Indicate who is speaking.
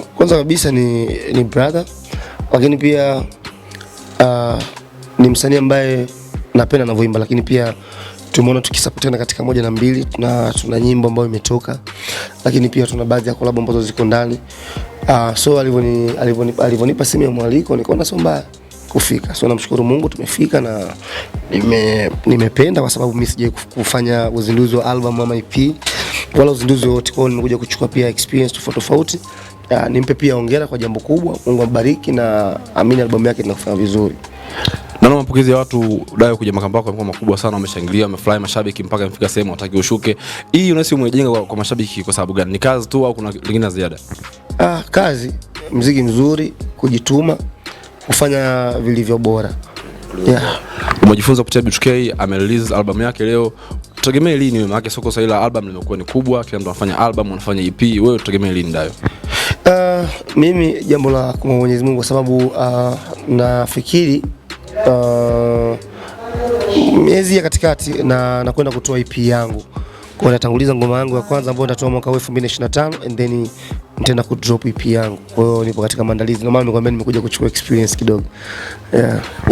Speaker 1: Kwanza kabisa ni, ni brother lakini pia uh, ni msanii ambaye napenda anavyoimba, lakini pia tumeona tukisapotiana katika moja na mbili. Tuna, tuna nyimbo ambayo imetoka, lakini pia tuna baadhi ya kolabo ambazo ziko ndani uh, so alivyonipa simu ya mwaliko nikaona sio mbaya kufika. So namshukuru Mungu tumefika na nime, nimependa kwa sababu mimi sijai kufanya uzinduzi wa album ama EP wala uzinduzi wote. Kwa hiyo nimekuja kuchukua pia experience tofauti tofauti. Ah, nimpe pia hongera kwa jambo kubwa. Mungu ambariki na amini albamu yake inafanya vizuri.
Speaker 2: Naona mapokezi ya watu Dayo kuja Makambako yamekuwa makubwa sana, wameshangilia, wamefurahi, mashabiki mpaka imefika sehemu wataki ushuke. Hii unahisi umejenga kwa, kwa mashabiki kwa sababu gani? Ni kazi tu au kuna lingine ziada?
Speaker 1: Ah, kazi, mziki mzuri, kujituma, kufanya vilivyo bora
Speaker 2: yeah. Umejifunza kupitia B2K, amerelease album yake leo, tutegemee lini wewe? Maana soko sasa la album limekuwa ni kubwa, kila mtu anafanya album, anafanya EP, wewe tutegemee lini ndio?
Speaker 1: Uh, mimi jambo la kumwomba Mwenyezi Mungu kwa sababu uh, nafikiri uh, miezi ya katikati na nakwenda kutoa EP yangu kwa natanguliza ngoma yangu ya kwanza ambayo nitatoa mwaka 2025 and then nitaenda ku drop EP yangu. Kwa hiyo nipo katika maandalizi, ndio maana nimekwambia nimekuja kuchukua experience kidogo. Yeah.